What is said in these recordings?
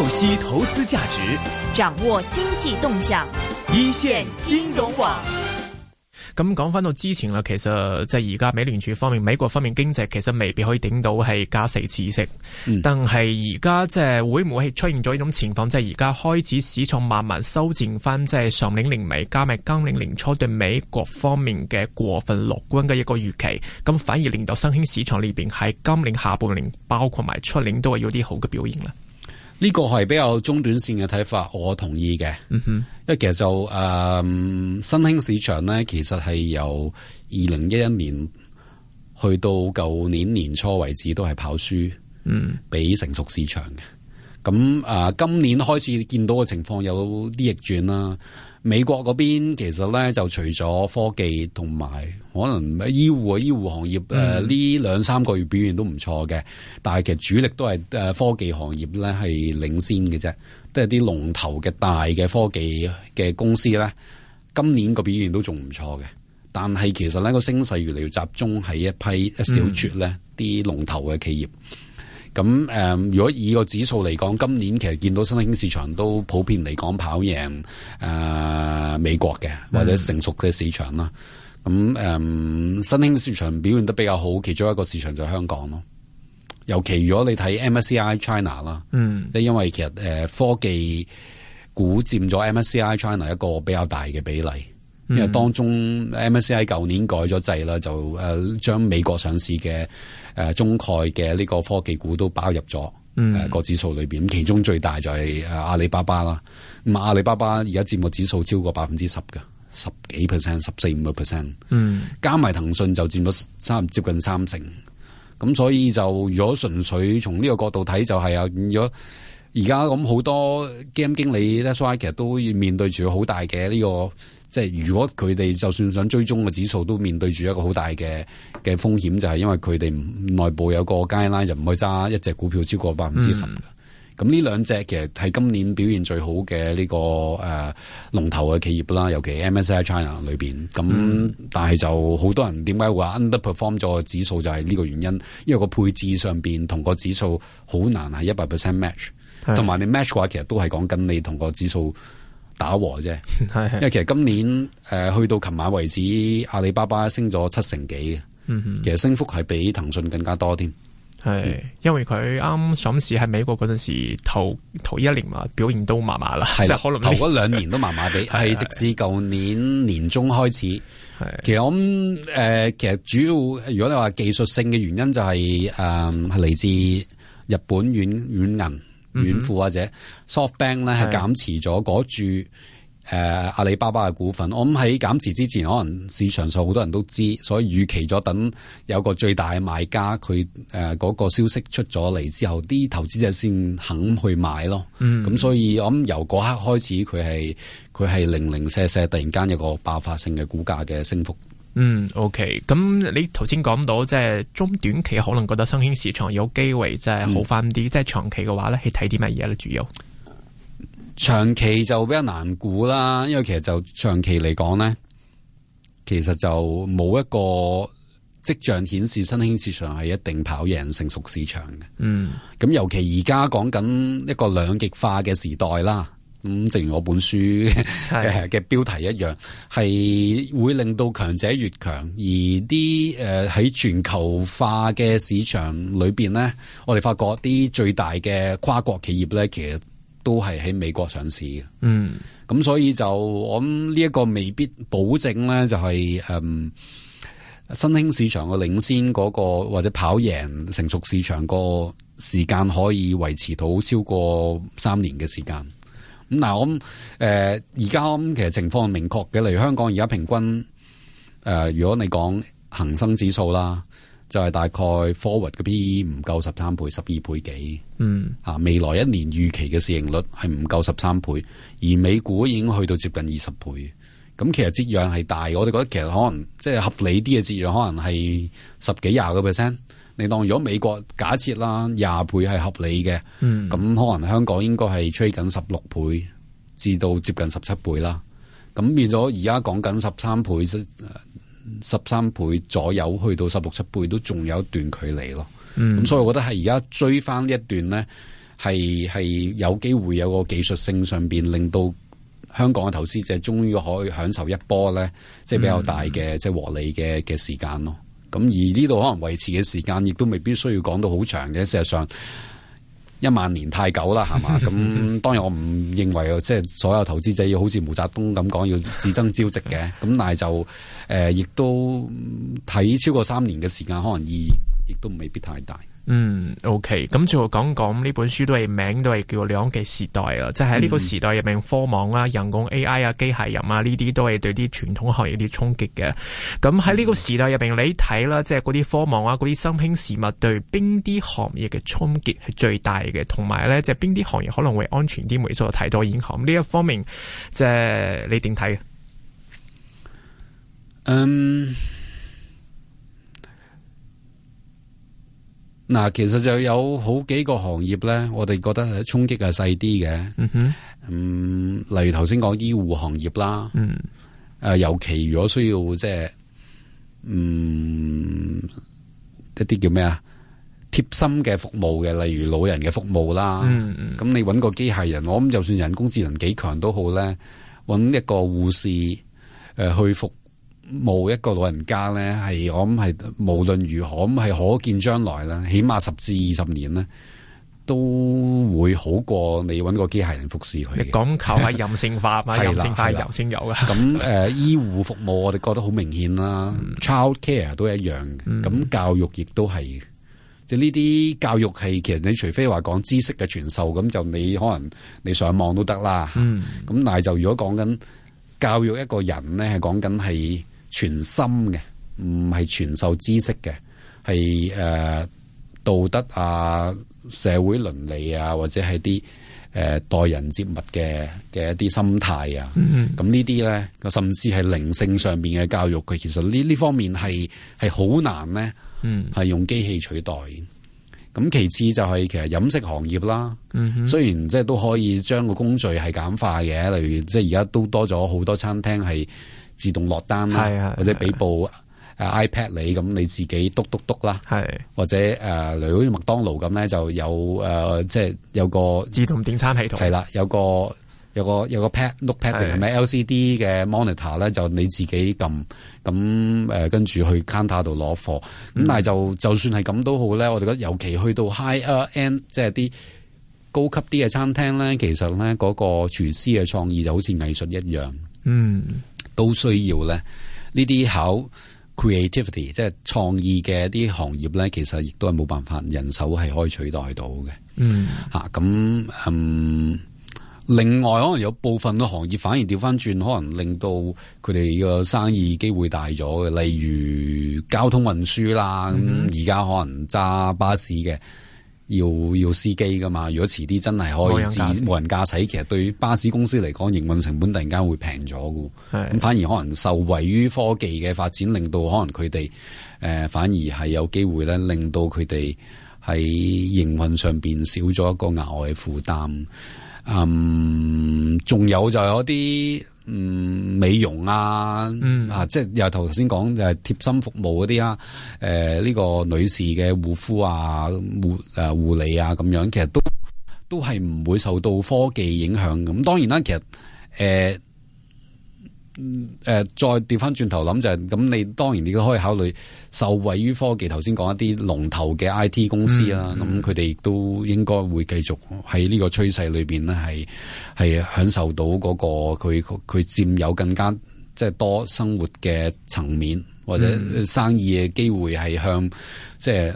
透析投資價值，掌握經濟動向，一線金融網。咁講翻到之前啦，其實即係而家美聯儲方面，美國方面經濟其實未必可以頂到係加四次息，嗯、但係而家即係會唔會係出現咗呢種情況？即係而家開始市場慢慢修正翻，即係上年年尾加埋今年年初對美國方面嘅過分樂觀嘅一個預期，咁反而令到新興市場裏邊喺今年下半年包括埋出年都係有啲好嘅表現啦。嗯呢個係比較中短線嘅睇法，我同意嘅。嗯、哼因為其實就誒、呃、新興市場咧，其實係由二零一一年去到舊年年初為止，都係跑輸，嗯，畀成熟市場嘅。咁啊、嗯嗯呃，今年開始見到嘅情況有啲逆轉啦。美國嗰邊其實咧就除咗科技同埋可能醫護啊，醫護行業誒呢、嗯、兩三個月表現都唔錯嘅，但係其實主力都係誒科技行業咧係領先嘅啫，都係啲龍頭嘅大嘅科技嘅公司咧，今年個表現都仲唔錯嘅，但係其實咧個升勢越嚟越集中喺一批一小撮咧啲、嗯、龍頭嘅企業。咁誒、嗯，如果以個指數嚟講，今年其實見到新興市場都普遍嚟講跑贏誒、呃、美國嘅，或者成熟嘅市場啦。咁誒、嗯嗯，新興市場表現得比較好，其中一個市場就係香港咯。尤其如果你睇 MSCI China 啦，嗯，即因為其實誒、呃、科技股佔咗 MSCI China 一個比較大嘅比例，嗯、因為當中 MSCI 舊年改咗制啦，就誒將、呃、美國上市嘅。誒、啊、中概嘅呢個科技股都包入咗誒個指數裏邊，其中最大就係阿里巴巴啦。咁、啊、阿里巴巴而家佔個指數超過百分之十嘅十幾 percent，十四五個 percent。嗯，加埋騰訊就佔咗三接近三成。咁所以就如果純粹從呢個角度睇，就是，就係如果而家咁好多 game 經理咧，所以其實都要面對住好大嘅呢、呢個。即係如果佢哋就算想追蹤個指數，都面對住一個好大嘅嘅風險，就係、是、因為佢哋內部有個 guideline 啦，就唔可以揸一隻股票超過百分之十嘅。咁呢兩隻其實係今年表現最好嘅呢、這個誒龍、呃、頭嘅企業啦，尤其 MSCI China 裏邊。咁、嗯、但係就好多人點解話 underperform 咗個指數就係呢個原因？因為個配置上邊同個指數好難係一百 percent match，同埋是你 match 嘅話，其實都係講緊你同個指數。打和啫，係因為其實今年誒、呃、去到琴晚為止，阿里巴巴升咗七成幾嘅，嗯、哼其實升幅係比騰訊更加多添。係是，嗯、因為佢啱上市喺美國嗰陣時，頭頭一年嘛表現都麻麻啦，的即係可能、這個、頭兩年都麻麻地，係 直至舊年年中開始。的其實我諗誒、呃，其實主要如果你話技術性嘅原因、就是，就係誒嚟自日本軟軟銀軟庫、嗯、或者 soft bank 咧，係減持咗嗰注誒阿里巴巴嘅股份，我諗喺減持之前，可能市場上好多人都知，所以預期咗等有個最大嘅賣家佢、誒、呃嗰個消息出咗嚟，之後，啲投資者先肯去買咯。咁、嗯、所以我諗由嗰刻開始，佢係佢係零零舍舍突然間有個爆發性嘅股價嘅升幅。嗯，OK，咁你頭先講到即係中短期可能覺得新興市場有機會，嗯、即係好翻啲，即係長期嘅話咧，去睇啲乜嘢咧？主要長期就比較難估啦，因為其實就長期嚟講咧，其實就冇一個跡象顯示新興市場係一定跑贏成熟市場嘅。嗯，咁尤其而家講緊一個兩極化嘅時代啦。咁正如我本書嘅 嘅標題一樣，係是會令到強者越強，而啲誒喺全球化嘅市場裏邊咧，我哋發覺啲最大嘅跨國企業咧，其實都係喺美國上市嘅。嗯，咁所以就我諗呢一個未必保證咧，就係、是、誒、嗯、新興市場嘅領先嗰、那個或者跑贏成熟市場個時間可以維持到超過三年嘅時間。咁嗱，我誒而家其實情況明確嘅，例如香港而家平均誒、呃，如果你講恒生指數啦，就係、是、大概 forward 嘅 p 唔夠十三倍，十二倍幾，嗯啊未來一年預期嘅市盈率係唔夠十三倍，而美股已經去到接近二十倍，咁、嗯嗯、其實折讓係大，我哋覺得其實可能即係、就是、合理啲嘅折讓，可能係十幾廿個 percent。你當如果美國假設啦，廿倍係合理嘅，咁、嗯、可能香港應該係追緊十六倍至到接近十七倍啦。咁變咗而家講緊十三倍，十三倍左右去到十六七倍都仲有一段距離咯。咁、嗯、所以我覺得係而家追翻呢一段咧，係係有機會有個技術性上面令到香港嘅投資者終於可以享受一波咧，即、就、係、是、比較大嘅即係合理嘅嘅時間咯。咁而呢度可能維持嘅時間，亦都未必需要講到好長嘅。事實上，一萬年太久啦，係嘛？咁 當然我唔認為，即係所有投資者要好似毛澤東咁講，要只爭朝夕嘅。咁但係就誒、呃，亦都睇超過三年嘅時間，可能意義亦都未必太大。嗯，OK，咁最後講講呢本書都係名都係叫兩極時代啊，即係喺呢個時代入面，科網啦、嗯、人工 AI 啊、機械人啊呢啲都係對啲傳統行業啲衝擊嘅。咁喺呢個時代入邊，你睇啦，即係嗰啲科網啊、嗰啲新興事物對邊啲行業嘅衝擊係最大嘅，同埋呢，即係邊啲行業可能會安全啲，未受太多影響。咁呢一方面，即係你點睇嘅？嗯。Um, 嗱，其實就有好幾個行業咧，我哋覺得衝擊係細啲嘅。嗯、哼、咁、嗯、例如頭先講醫護行業啦，誒、嗯，尤其如果需要即係，嗯，一啲叫咩啊？貼心嘅服務嘅，例如老人嘅服務啦。嗯咁、嗯、你搵個機械人，我諗就算人工智能幾強都好咧，搵一個護士誒去服。冇一個老人家咧，係我諗係無論如何，咁係可見將來啦，起碼十至二十年咧都會好過你揾個機械人服侍佢。講求係任性化， 的任性化由先有噶。咁 誒、呃，醫護服務我哋覺得好明顯啦 ，child care 都一樣。咁、 嗯、教育亦都係，即係呢啲教育係其實你除非話講知識嘅傳授，咁就你可能你上網都得啦。咁、 嗯、但係就如果講緊教育一個人咧，係講緊係。全心嘅，唔係傳授知識嘅，係誒、呃、道德啊、社會倫理啊，或者係啲誒待人接物嘅嘅一啲心態啊。咁、嗯、哼呢啲咧，甚至係靈性上面嘅教育，佢其實呢呢方面係係好難咧。嗯，係用機器取代。咁其次就係其實飲食行業啦。嗯哼，雖然即係都可以將個工序係簡化嘅，例如即係而家都多咗好多餐廳係。自動落單，係啊，係啊或者俾部誒 iPad 你咁，你自己督督篤啦。係啊或者誒、呃，例如好似麥當勞咁咧，就有誒、呃，即係有個自動點餐喺度，係啦，有個有個有個 pad，note pad 定係咩 LCD 嘅 monitor 咧，就你自己撳咁誒，跟住去 counter 度攞貨。咁、嗯、但係就就算係咁都好咧，我哋覺得尤其去到 higher end 即係啲高級啲嘅餐廳咧，其實咧嗰、嗰個廚師嘅創意就好似藝術一樣。嗯。都需要咧呢啲考 creativity，即係創意嘅啲行業咧，其實亦都係冇辦法人手係可以取代到嘅。嗯，吓咁、啊，嗯，另外可能有部分嘅行業反而掉返轉，可能令到佢哋個生意機會大咗嘅，例如交通運輸啦，咁而家可能揸巴士嘅。要要司機噶嘛？如果遲啲真係可以自無人駕駛，其實對於巴士公司嚟講，營運成本突然間會平咗噶，咁的反而可能受惠於科技嘅發展，令到可能佢哋誒反而係有機會咧，令到佢哋喺營運上邊少咗一個額外負擔，嗯，仲有就有嗰啲。嗯，美容啊，嗯、啊，即係又頭先講誒，貼心服務嗰啲啊，誒、呃、呢、這個女士嘅護膚啊、護誒、呃、護理啊，咁樣其實都都係唔會受到科技影響咁。當然啦，其實誒。呃嗯誒、呃，再調翻轉頭諗就係、是，咁你當然你都可以考慮受惠於科技。頭先講一啲龍頭嘅 IT 公司啦，咁佢哋亦都應該會繼續喺呢個趨勢裏邊咧，係係享受到嗰個佢佢佔有更加即係多生活嘅層面或者生意嘅機會係向即係。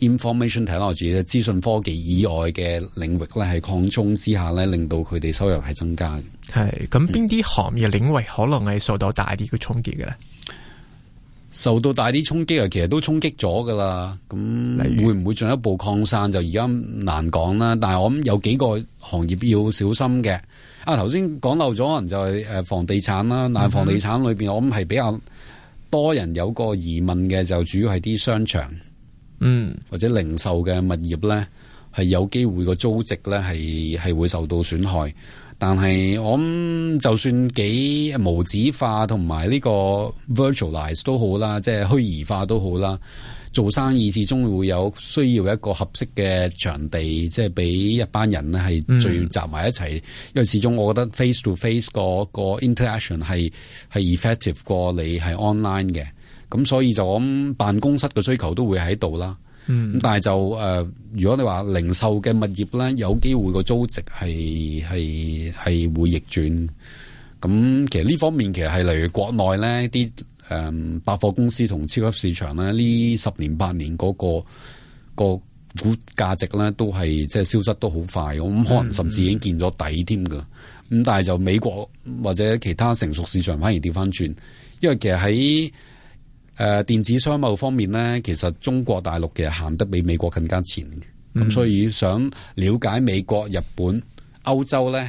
Information Technology 咧，資訊科技以外嘅領域咧，係擴充之下咧，令到佢哋收入係增加嘅。係咁，邊啲行業領域可能係受到大啲嘅衝擊嘅咧？受到大啲衝擊啊，其實都衝擊咗噶啦。咁如會唔會進一步擴散？就而家難講啦。但係我諗有幾個行業要小心嘅。啊，頭先講漏咗，可能就係誒房地產啦。但係房地產裏邊，嗯、我諗係比較多人有個疑問嘅，就主要係啲商場。嗯，或者零售嘅物業咧，係有機會個租值咧，係係會受到損害。但係我諗，就算幾無紙化同埋呢個 virtualize 都好啦，即係虛擬化都好啦，做生意始終會有需要一個合適嘅場地，即係俾一班人咧係聚集埋一齊。嗯，因為始終我覺得 face to face 個個 interaction 係係 effective 過你係 online 嘅。咁所以就咁，辦公室嘅需求都會喺度啦。咁、嗯、但係就誒、呃、如果你話零售嘅物業咧，有機會個租值係係係會逆轉，咁其實呢方面其實係例如國內咧啲誒百貨公司同超級市場咧，呢十年八年嗰、嗰個、嗰個、個股價值咧都係即係消失都好快。咁可能甚至已經見咗底添噶，咁、嗯、但係就美國或者其他成熟市場反而調翻轉，因為其實喺誒、呃、電子商貿方面呢，其實中國大陸嘅行得比美國更加前嘅咁、嗯啊、所以想了解美國、日本、歐洲呢，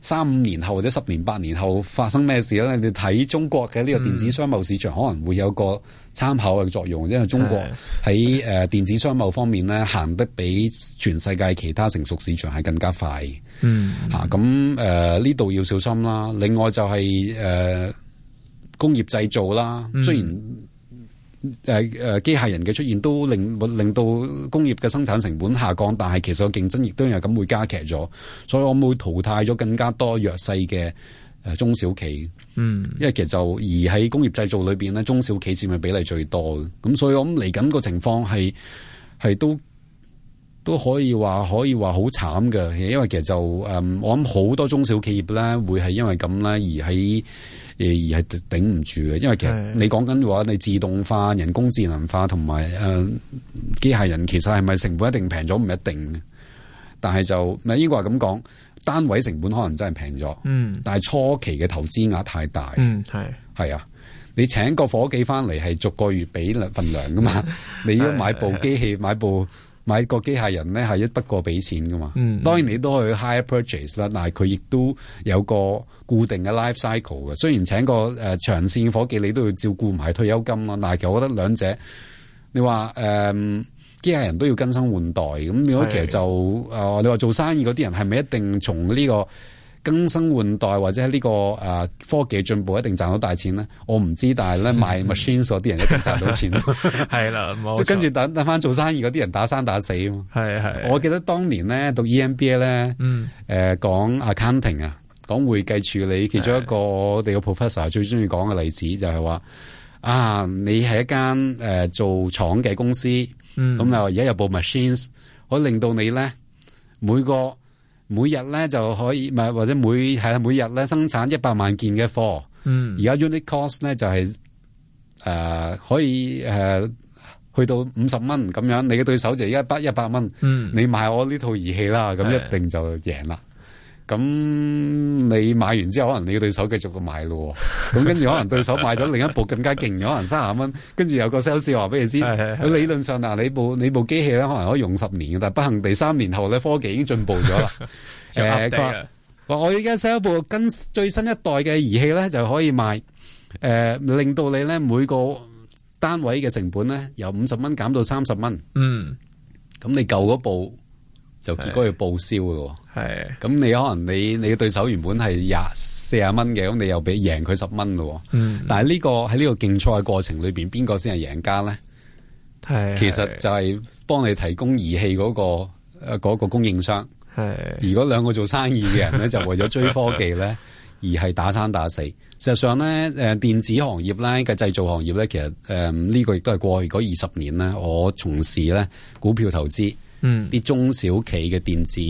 三五年後或者十年八年後發生咩事咧，你睇中國嘅呢個電子商貿市場、嗯、可能會有個參考嘅作用，因為中國喺誒、嗯呃、電子商貿方面呢，行得比全世界其他成熟市場係更加快嘅嗯，嚇咁誒呢度要小心啦。另外就係、是、誒、呃、工業製造啦，雖然。嗯嗯誒誒，機、啊啊、械人嘅出現都令令到工業嘅生產成本下降，但係其實個競爭亦都有咁會加劇咗，所以我會淘汰咗更加多弱勢嘅誒中小企，嗯因企，因為其實就而喺工業製造裏邊咧，中小企佔嘅比例最多嘅，咁所以我諗嚟緊個情況係係都都可以話可以話好慘㗎，因為其實就誒我諗好多中小企業咧會係因為咁咧而喺。而係頂唔住嘅，因為其實你講緊嘅話，你自動化、人工智能化同埋誒機械人，其實係咪成本一定平咗？唔一定，但係就咪應該係咁講，單位成本可能真係平咗。嗯，但係初期嘅投資額太大。嗯，係係啊，你請個夥計翻嚟係逐個月俾份糧噶嘛， 你要果買部機器，買部。嗯買個機械人咧係一筆過俾錢噶嘛，嗯、當然你都去 hire purchase 啦，但係佢亦都有個固定嘅 life cycle 嘅。雖然請個誒、呃、長線伙夥計，你都要照顧埋退休金啊，但係其實我覺得兩者，你話誒機械人都要更新換代咁，如果其實就誒的、呃、你話做生意嗰啲人係咪一定從呢、這個？更新換代或者喺呢個誒科技進步一定賺到大錢咧，我唔知，但係咧賣 machines 嗰啲人一定賺到錢咯。係啦， 即跟住等等翻做生意嗰啲人打生打死啊嘛。係係。我記得當年咧讀 EMBA 咧、嗯，嗯誒、呃、講 accounting 啊，講會計處理，其中一個我哋個 professor 最中意講嘅例子的就係話啊，你係一間誒、呃、做廠嘅公司，咁又而家有部 machines，可以令到你咧每個。每日咧就可以，唔係或者每係、啊、每日咧生產一百萬件嘅貨，嗯，而家 unit cost 咧就係、是、誒、呃、可以誒、呃、去到五十蚊咁樣，你嘅對手就一不一百蚊，嗯，你買我呢套儀器啦，咁一定就贏啦。咁你買完之後，可能你嘅對手繼續咁買咯。咁跟住可能對手買咗另一部更加勁 可能三十蚊。跟住 有個 sales 話俾你知，佢 理論上嗱，你部你部機器咧可能可以用十年嘅，但係不幸地三年後咧科技已經進步咗啦。誒， 佢話、呃、我依家 sell 部新最新一代嘅儀器咧，就可以賣誒、呃，令到你咧每個單位嘅成本咧由五十蚊減到三十蚊。嗯，咁你舊嗰部。就結果要報銷嘅喎，係咁的你可能你你嘅對手原本係廿四廿蚊嘅，咁你又俾贏佢十蚊嘅喎，嗯、但係呢、這個，喺呢個競賽嘅過程裏邊，邊個先係贏家咧？係的其實就係幫你提供儀器嗰、那個誒、那個、供應商。係的而嗰兩個做生意嘅人咧，就為咗追科技咧 而係打生打死。事實上咧，誒、呃、電子行業咧嘅製造行業咧，其實誒呢、呃這個亦都係過去嗰二十年咧，我從事咧股票投資。嗯，啲中小企嘅電子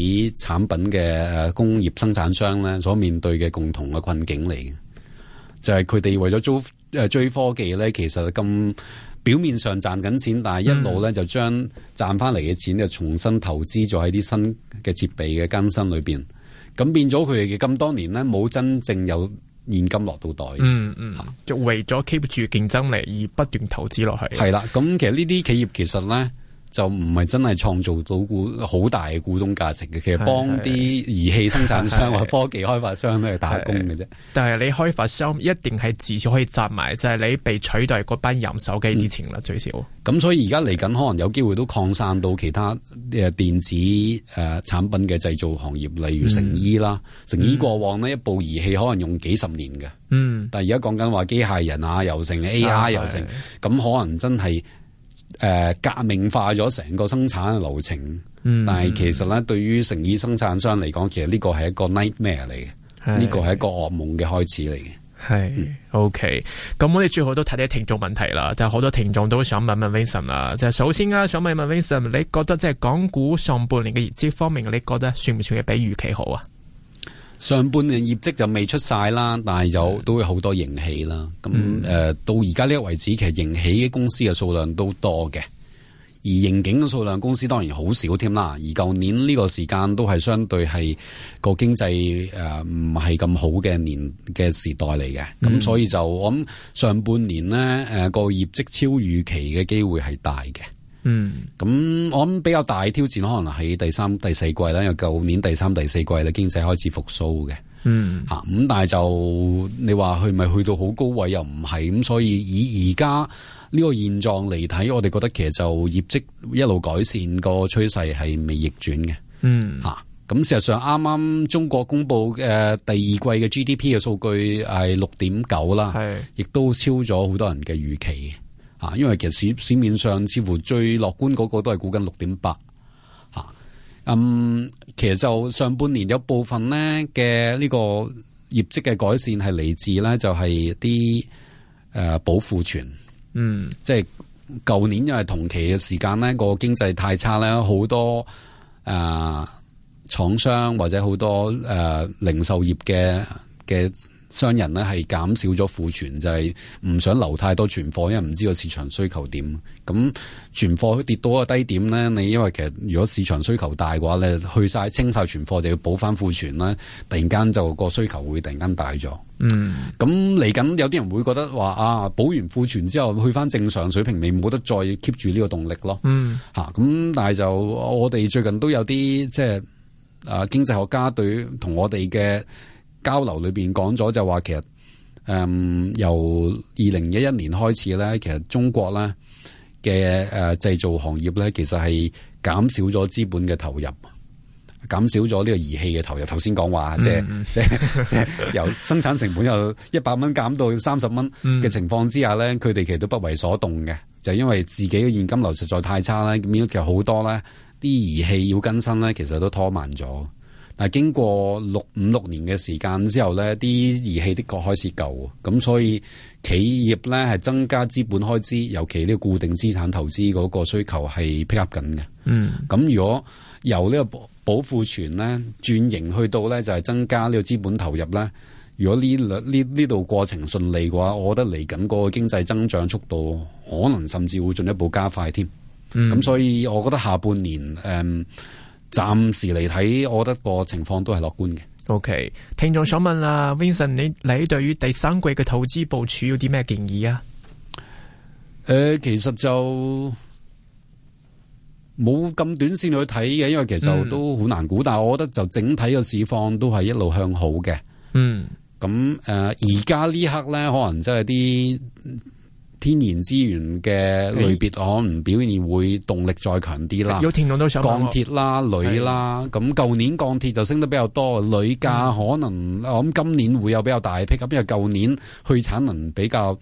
產品嘅工業生產商咧，所面對嘅共同嘅困境嚟嘅，就係佢哋為咗租誒追科技咧，其實咁表面上賺緊錢，但係一路咧，嗯、就將賺翻嚟嘅錢就重新投資咗喺啲新嘅設備嘅更新裏邊，咁變咗佢哋嘅咁多年咧冇真正有現金落到袋。嗯嗯，就為咗 keep 住競爭力而不斷投資落去。係啦，咁其實呢啲企業其實咧。就唔係真係創造到股好大嘅股東價值嘅，其實幫啲儀器生產商的或科技開發商咧去打工嘅啫。但係你開發商一定係至少可以賺埋，就係、是、你被取代嗰班人手機啲錢啦，嗯、最少。咁、嗯嗯、所以而家嚟緊可能有機會都擴散到其他誒電子誒產品嘅製造行業，例如成衣啦，嗯、成衣過往呢，一部儀器可能用幾十年嘅，嗯，但係而家講緊話機械人啊，又成 A I 又成，咁可能真係。誒、呃，革命化咗成個生產嘅流程，嗯、但係其實咧，對於成衣生產商嚟講，其實呢個係一個 nightmare 嚟嘅，呢個係一個噩夢嘅開始嚟嘅。係、嗯，OK，咁我哋最好都睇睇聽眾問題啦，但係好多聽眾都想問問 Vincent 啊，就首先啊，想問問 Vincent，你覺得即係港股上半年嘅業績方面，你覺得算唔算係比預期好啊？上半年業績就未出晒啦，但係有都會好多盈起啦。咁誒、嗯、到而家呢個位置，其實盈起嘅公司嘅數量都多嘅，而盈景嘅數量公司當然好少添啦。而舊年呢個時間都係相對係個經濟誒唔係咁好嘅年嘅時代嚟嘅，咁、嗯、所以就我諗上半年呢誒個業績超預期嘅機會係大嘅。嗯，咁我諗比較大挑戰可能喺第三、第四季啦，因為舊年第三、第四季咧經濟開始復甦嘅，嗯、啊，吓，咁但係就你話去咪去到好高位又唔係，咁、啊、所以以而家呢個現狀嚟睇，我哋覺得其實就業績一路改善、個趨勢係未逆轉嘅，嗯、啊，吓，咁事實上啱啱中國公佈嘅第二季嘅 GDP 嘅數據係六點九啦，係是，亦都超咗好多人嘅預期。啊，因為其實市市面上似乎最樂觀嗰個都係估緊六點八，吓，嗯，其實就上半年有部分咧嘅呢個業績嘅改善係嚟自咧就係啲誒保庫存，嗯，即係舊年因為同期嘅時間咧，嗰個經濟太差咧，好多誒廠、呃、商或者好多誒、呃、零售業嘅嘅。商人咧係減少咗庫存，就係、是、唔想留太多存貨，因為唔知個市場需求點。咁存貨跌到一個低點咧，你因為其實如果市場需求大嘅話咧，你去晒清晒存貨就要補翻庫存啦。突然間就個需求會突然間大咗。嗯，咁嚟緊有啲人會覺得話啊，補完庫存之後去翻正常水平你冇得再 keep 住呢個動力咯。嗯，吓咁、啊，但係就我哋最近都有啲即係啊，經濟學家對同我哋嘅。交流裏邊講咗就話，其實，誒、嗯，由二零一一年開始咧，其實中國咧嘅誒製造行業咧，其實係減少咗資本嘅投入，減少咗呢個儀器嘅投入。頭先講話即係即係即係由生產成本由一百蚊減到三十蚊嘅情況之下咧，佢哋、嗯、其實都不為所動嘅，就因為自己嘅現金流實在太差啦，咁樣其實好多咧啲儀器要更新咧，其實都拖慢咗。嗱，經過六五六年嘅時間之後咧，啲儀器的確開始舊，咁所以企業咧係增加資本開支，尤其呢個固定資產投資嗰個需求係配合緊嘅。嗯，咁如果由呢個保庫存咧轉型去到咧就係、是、增加呢個資本投入咧，如果呢呢呢度過程順利嘅話，我覺得嚟緊個經濟增長速度可能甚至會進一步加快添。嗯，咁所以我覺得下半年誒。嗯暫時嚟睇，我覺得個情況都係樂觀嘅。O、okay. K，聽眾想問啦，Vincent，你你對於第三季嘅投資部署有啲咩建議啊？誒、呃，其實就冇咁短線去睇嘅，因為其實都好難估。嗯、但係我覺得就整體嘅市況都係一路向好嘅。嗯，咁誒、嗯，而、呃、家呢刻咧，可能真係啲。天然資源嘅類別，可能的表現會動力再強啲啦。有田都想鋼鐵啦、鋁啦的，咁舊年鋼鐵就升得比較多，鋁價可能、嗯、我諗今年會有比較大嘅批，因為舊年去產能比較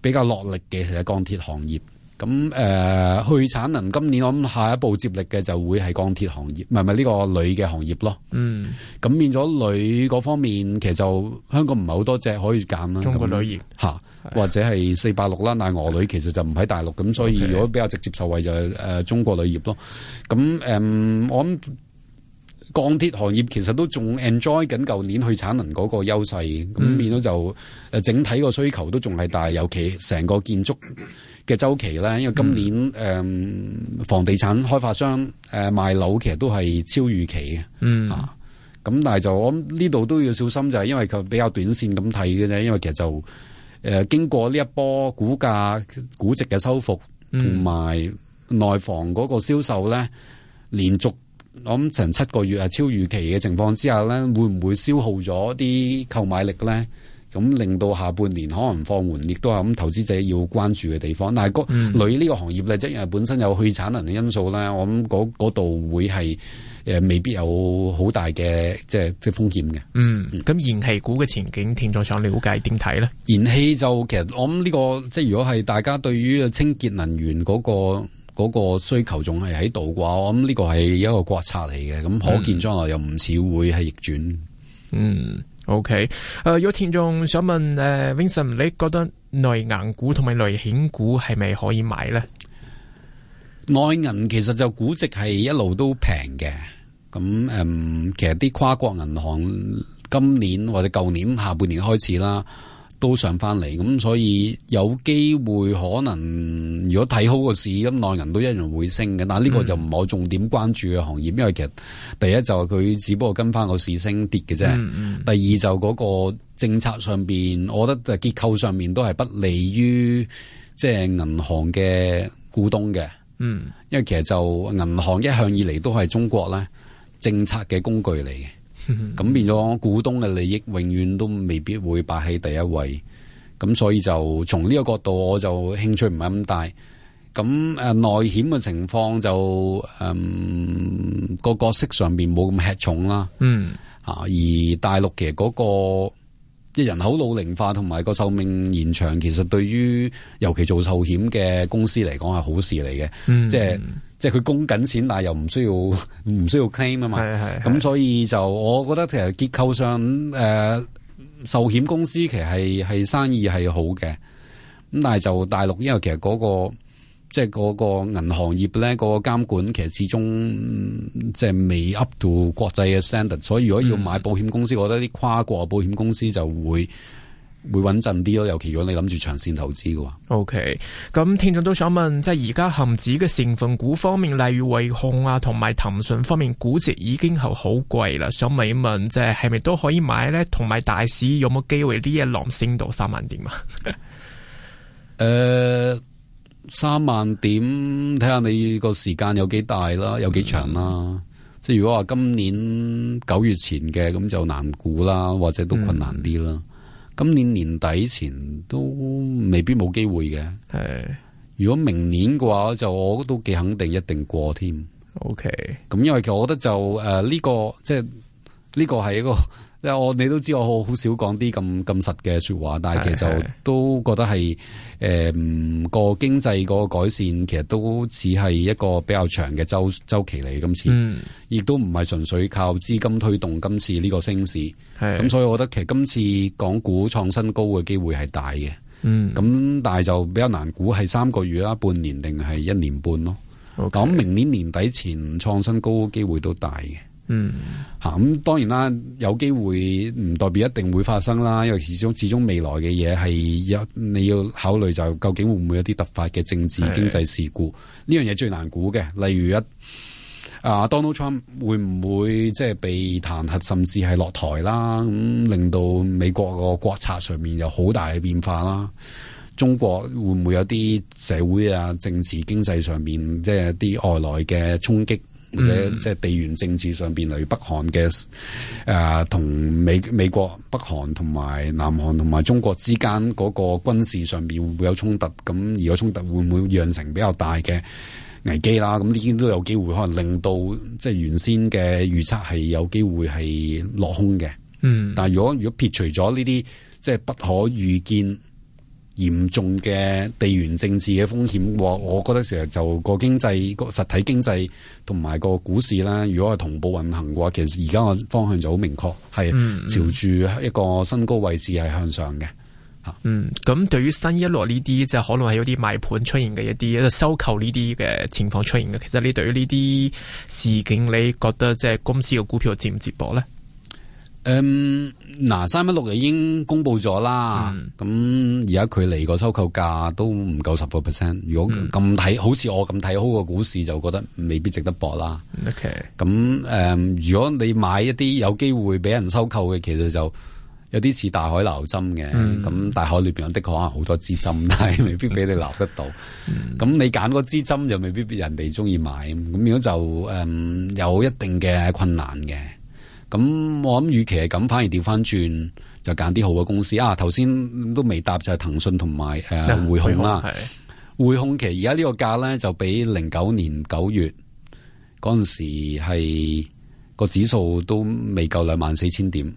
比較落力嘅，其實係鋼鐵行業咁誒、呃，去產能今年我諗下一步接力嘅就會係鋼鐵行業，唔係唔係呢個鋁嘅行業咯。嗯，咁變咗鋁嗰方面，其實就香港唔係好多隻可以揀啦。中國鋁業吓。嗯嗯或者係四百六啦，但係俄女其實就唔喺大陸咁，Okay. 所以如果比較直接受惠就係、是、誒、呃、中國鋁業咯。咁、嗯、誒，我諗鋼鐵行業其實都仲 enjoy 緊舊年去產能嗰個優勢，咁變咗就誒整體個需求都仲係大，尤其成個建築嘅週期咧。因為今年誒、嗯嗯、房地產開發商誒、呃、賣樓其實都係超預期嘅，嗯、啊，咁但係就我諗呢度都要小心，就係、是、因為佢比較短線咁睇嘅啫，因為其實就。誒，經過呢一波股價估值嘅修復，同埋內房嗰個銷售咧，連續我諗成七個月係超預期嘅情況之下咧，會唔會消耗咗啲購買力咧？咁令到下半年可能放緩，亦都係咁，投資者要關注嘅地方。但係個鋁呢個行業咧，即係本身有去產能嘅因素咧，我諗嗰度會係。誒，未必有好大嘅即係即係風險嘅。嗯，咁燃、嗯、氣股嘅前景，聽眾想了解點睇呢？燃氣就其實我諗呢、呢個，即係如果係大家對於清潔能源嗰、嗰個、嗰個需求仲係喺度嘅話，我諗呢個係一個國策嚟嘅，咁可見將來又唔少會係逆轉。嗯，嗯，OK。誒、呃，有聽眾想問，誒、呃、，Vincent，你覺得內銀股同埋內險股係咪可以買呢？內銀其實就估值係一路都平嘅。咁誒、嗯，其實啲跨國銀行今年或者舊年下半年開始啦，都上翻嚟，咁、嗯、所以有機會可能如果睇好個市，咁內銀都一樣會升嘅。但係呢個就唔係我重點關注嘅行業，因為其實第一就係佢只不過跟翻個市升跌嘅啫。嗯嗯、第二就嗰個政策上邊，我覺得結構上面都係不利於即係銀行嘅股東嘅。嗯。因為其實就銀行一向以嚟都係中國咧。政策嘅工具嚟嘅，咁變咗股東嘅利益永遠都未必會擺喺第一位，咁所以就從呢個角度，我就興趣唔係咁大。咁誒，內險嘅情況就誒個角色上面冇咁吃重啦。嗯，啊，而大陸其實嗰個即係人口老齡化同埋個壽命延長，其實對於尤其做壽險嘅公司嚟講係好事嚟嘅，嗯、即係。即係佢供緊錢，但係又唔需要唔 需要 claim 啊嘛。咁是所以就，我覺得其實結構上，誒、呃，壽險公司其實係係生意係好嘅。咁但係就大陸，因為其實嗰、那個即係嗰個銀行業咧，嗰、那個監管其實始終、嗯、即係未 up to 國際嘅 standard。所以如果要買保險公司，嗯、我覺得啲跨國保險公司就會。會穩陣啲咯，尤其如果你諗住長線投資嘅話。OK，咁聽眾都想問，即係而家恒指嘅成份股方面，例如匯控啊，同埋騰訊方面，估值已經係好貴啦。想問一問，即係係咪都可以買呢？同埋大市有冇機會呢一浪升到三萬點啊？誒，三萬點，睇 下、呃、你個時間有幾大啦，有幾長啦。嗯、即係如果話今年九月前嘅，咁就難估啦，或者都困難啲啦。嗯今年年底前都未必冇機會嘅。係是，如果明年嘅話，就我都幾肯定一定過添。OK，咁因為其實我覺得就誒呢、呃這個，即係呢、這個係一個。 即係我，你都知我好少講啲咁咁實嘅說話，但係其、呃、其實都覺得係誒個經濟個改善，其實都似係一個比較長嘅周周期嚟。今次亦、嗯、都唔係純粹靠資金推動今次呢個升市，咁、嗯、所以我覺得其實今次港股創新高嘅機會係大嘅。嗯，咁但係就比較難估係三個月啦，半年定係一年半咯。咁 Okay，明年年底前創新高機會都大嘅。嗯，吓咁、嗯、當然啦，有機會唔代表一定會發生啦，因為始終始終未來嘅嘢係一你要考慮就究竟會唔會有啲突發嘅政治經濟事故呢的樣嘢最難估嘅，例如一啊 Donald Trump 會唔會即係被彈劾，甚至係落台啦，咁、嗯、令到美國個國策上面有好大嘅變化啦，中國會唔會有啲社會啊、政治經濟上面即係啲外來嘅衝擊？嗯或者即係地緣政治上邊，例如北韓嘅誒，同美美國、北韓同埋南韓同埋中國之間嗰個軍事上邊會唔會有衝突，咁如果衝突會唔會釀成比較大嘅危機啦？咁呢啲都有機會可能令到即係原先嘅預測係有機會係落空嘅。嗯，但係如果如果撇除咗呢啲即係不可預見。嚴重嘅地緣政治嘅風險，我覺得其實就個經濟個實體經濟同埋個股市啦，如果係同步運行嘅話，其實而家個方向就好明確，係朝住一個新高位置係向上嘅。嚇、嗯，嗯，咁、嗯、對於新一來呢啲，就可能係有啲賣盤出現嘅一啲，就收購呢啲嘅情況出現嘅。其實你對於呢啲事件，你覺得即係公司嘅股票接唔接駁咧？誒，嗱三一六已經公布咗啦，咁而家佢離個收購價都唔夠十個 percent。如果咁睇，嗯、好似我咁睇好個股市，就覺得未必值得搏啦。OK，咁誒、嗯，如果你買一啲有機會俾人收購嘅，其實就有啲似大海撈針嘅。咁、嗯嗯、大海裏邊的確可能好多支針，但係未必俾你撈得到。咁、 嗯嗯、你揀嗰支針又未必，人哋中意買。咁如果就誒、嗯，有一定嘅困難嘅。咁我諗與其係咁，反而調翻轉就揀啲好嘅公司啊！頭先都未答，就係騰訊同埋誒匯控啦。匯控,匯控期而家呢個價咧，就比零九年九月嗰陣時係個指數都未夠兩萬四千點，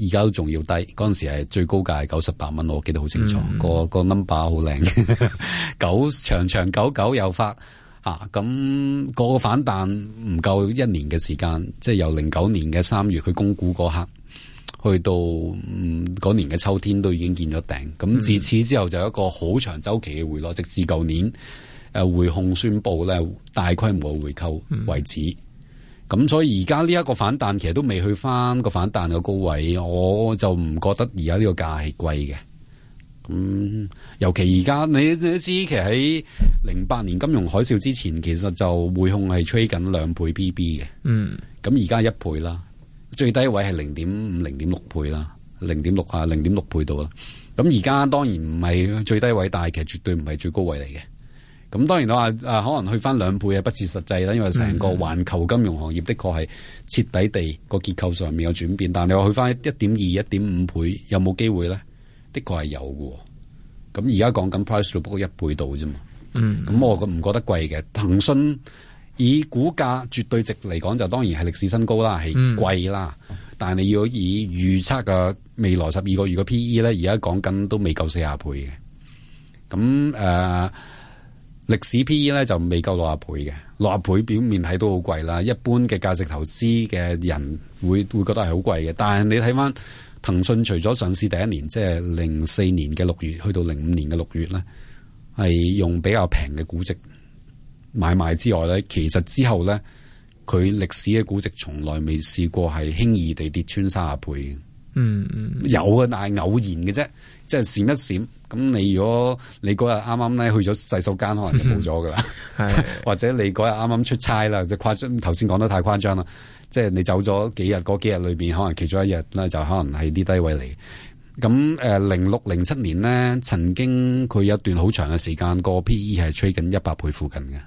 而家都仲要低。嗰陣時係最高價係九十八蚊，我記得好清楚，個個 number 好靚，九長長久久又發。啊，咁、那個個反彈唔夠一年嘅時間，即係由零九年嘅三月佢供股嗰刻，去到嗰、嗯、年嘅秋天都已經見咗頂，咁自此之後就一個好長周期嘅回落，直至舊年誒匯、呃、控宣布咧大規模回購為止。咁、嗯、所以而家呢一個反彈其實都未去翻個反彈嘅高位，我就唔覺得而家呢個價係貴嘅。咁、嗯，尤其而家你都知，其實喺零八年金融海嘯之前，其實就匯控係吹緊兩倍 P B 嘅。嗯，咁而家一倍啦，最低位係零點五、零點六倍啦，零點六啊、零點六倍度啦。咁而家當然唔係最低位，但係其實絕對唔係最高位嚟嘅。咁當然我話誒，可能去翻兩倍啊，不切實際啦。因為成個環球金融行業的確係徹底地個結構上面有轉變。但係你話去翻一點二、一點五倍，有冇機會咧？的確係有嘅，咁而家講緊 price to book 一倍到啫嘛，咁、嗯嗯，我咁唔覺得貴嘅。騰訊以股價絕對值嚟講，就當然係歷史新高啦，係貴啦。但係你要以預測嘅未來十二個月嘅 P E 咧，而家講緊都未夠四十倍嘅。咁、嗯、誒，歷、呃、史 P E 咧，就未夠六十倍嘅，六十倍表面睇，都好貴啦。一般嘅價值投資嘅人會會覺得係好貴嘅，但係你睇翻。騰訊除咗上市第一年，即係零四年嘅六月，去到零五年嘅六月咧，係用比較平嘅估值買賣之外咧，其實之後咧，佢歷史嘅估值從來未試過係輕易地跌穿三十倍嗯。嗯，有啊，但係偶然嘅啫，即係閃一閃。咁你如果你嗰日啱啱咧去咗洗手間，可能就冇咗噶啦。嗯、 或者你嗰日啱啱出差啦，即係誇張，頭先講得太誇張啦。即係你走咗幾日，嗰幾日裏邊可能其中一日呢，就可能係啲低位嚟。咁誒，零六零七年呢，曾經佢有一段好長嘅時間個 PE 係 trade 緊一百倍附近嘅。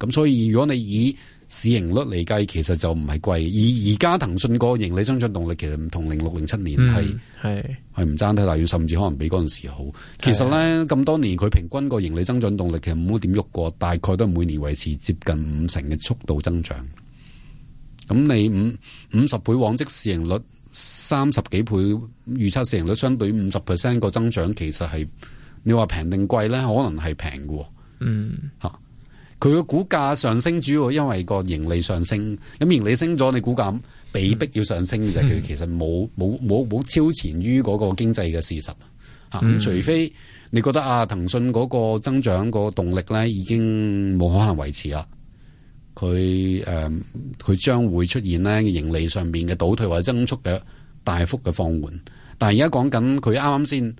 咁所以如果你以市盈率嚟計，其實就唔係貴。以而家騰訊個盈利增長動力其實唔同零六零七年係係係唔爭的，例如、嗯、甚至可能比嗰陣時好。其實呢，咁是多年，佢平均個盈利增長動力其實唔會點喐過，大概都每年維持接近五成嘅速度增長。咁你五五十倍往績市盈率三十幾倍預測市盈率相對五十 percent 個增長，其實係，你話平定貴咧？可能係平嘅。嗯，吓，佢個股價上升主要因為個盈利上升，咁盈利升咗，你股價被逼要上升，就係佢其實冇冇冇冇超前於嗰個經濟嘅事實。吓、嗯，除非你覺得啊，騰訊嗰個增長個動力咧已經冇可能維持啦。佢誒，佢將、嗯、會出現咧盈利上面嘅倒退或者增速嘅大幅嘅放緩。但係而家講緊佢啱啱先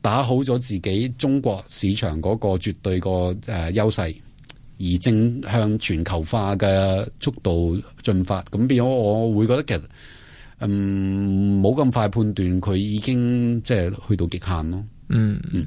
打好咗自己中國市場嗰個絕對個誒優勢，而正向全球化嘅速度進發。咁變咗我會覺得其實，嗯，冇咁快判斷佢已經即係去到極限咯。嗯。嗯